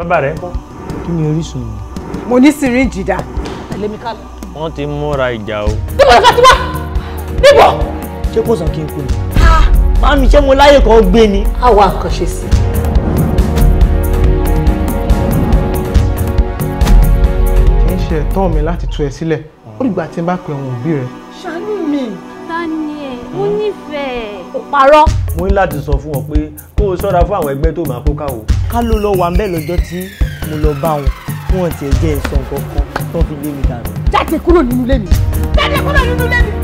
bàbá rẹ̀ ńkọ́. kí ni orísun mi. mo ní sìríǹjì dá. tẹ̀lé mi ká lọ. wọ́n ti múra ìjà o. níbo ló bá ti wá níbo. ṣé kò sàn kí n kú ni. máa mi ṣé mo láyè kan gbé ni. àwa nǹkan ṣe sí i. ṣe ẹ̀tọ́ mi láti tú ẹ sílẹ̀ ó dìgbà tí n bá pe àwọn òbí rẹ. ṣàánú mi kò parọ́. mo ní láti sọ fún ọ pé kó o ṣọ́ra fún àwọn ẹgbẹ́ tó máa kó káwọ. ká ló lọ wà ńbẹ̀ lọ́jọ́ tí mo lọ bá wọn fún ọ̀tí ẹ̀jẹ̀ ìsọ̀ tó fi lé mi dànù. jáde kúrò nínú ilé mi jáde kúrò nínú ilé mi.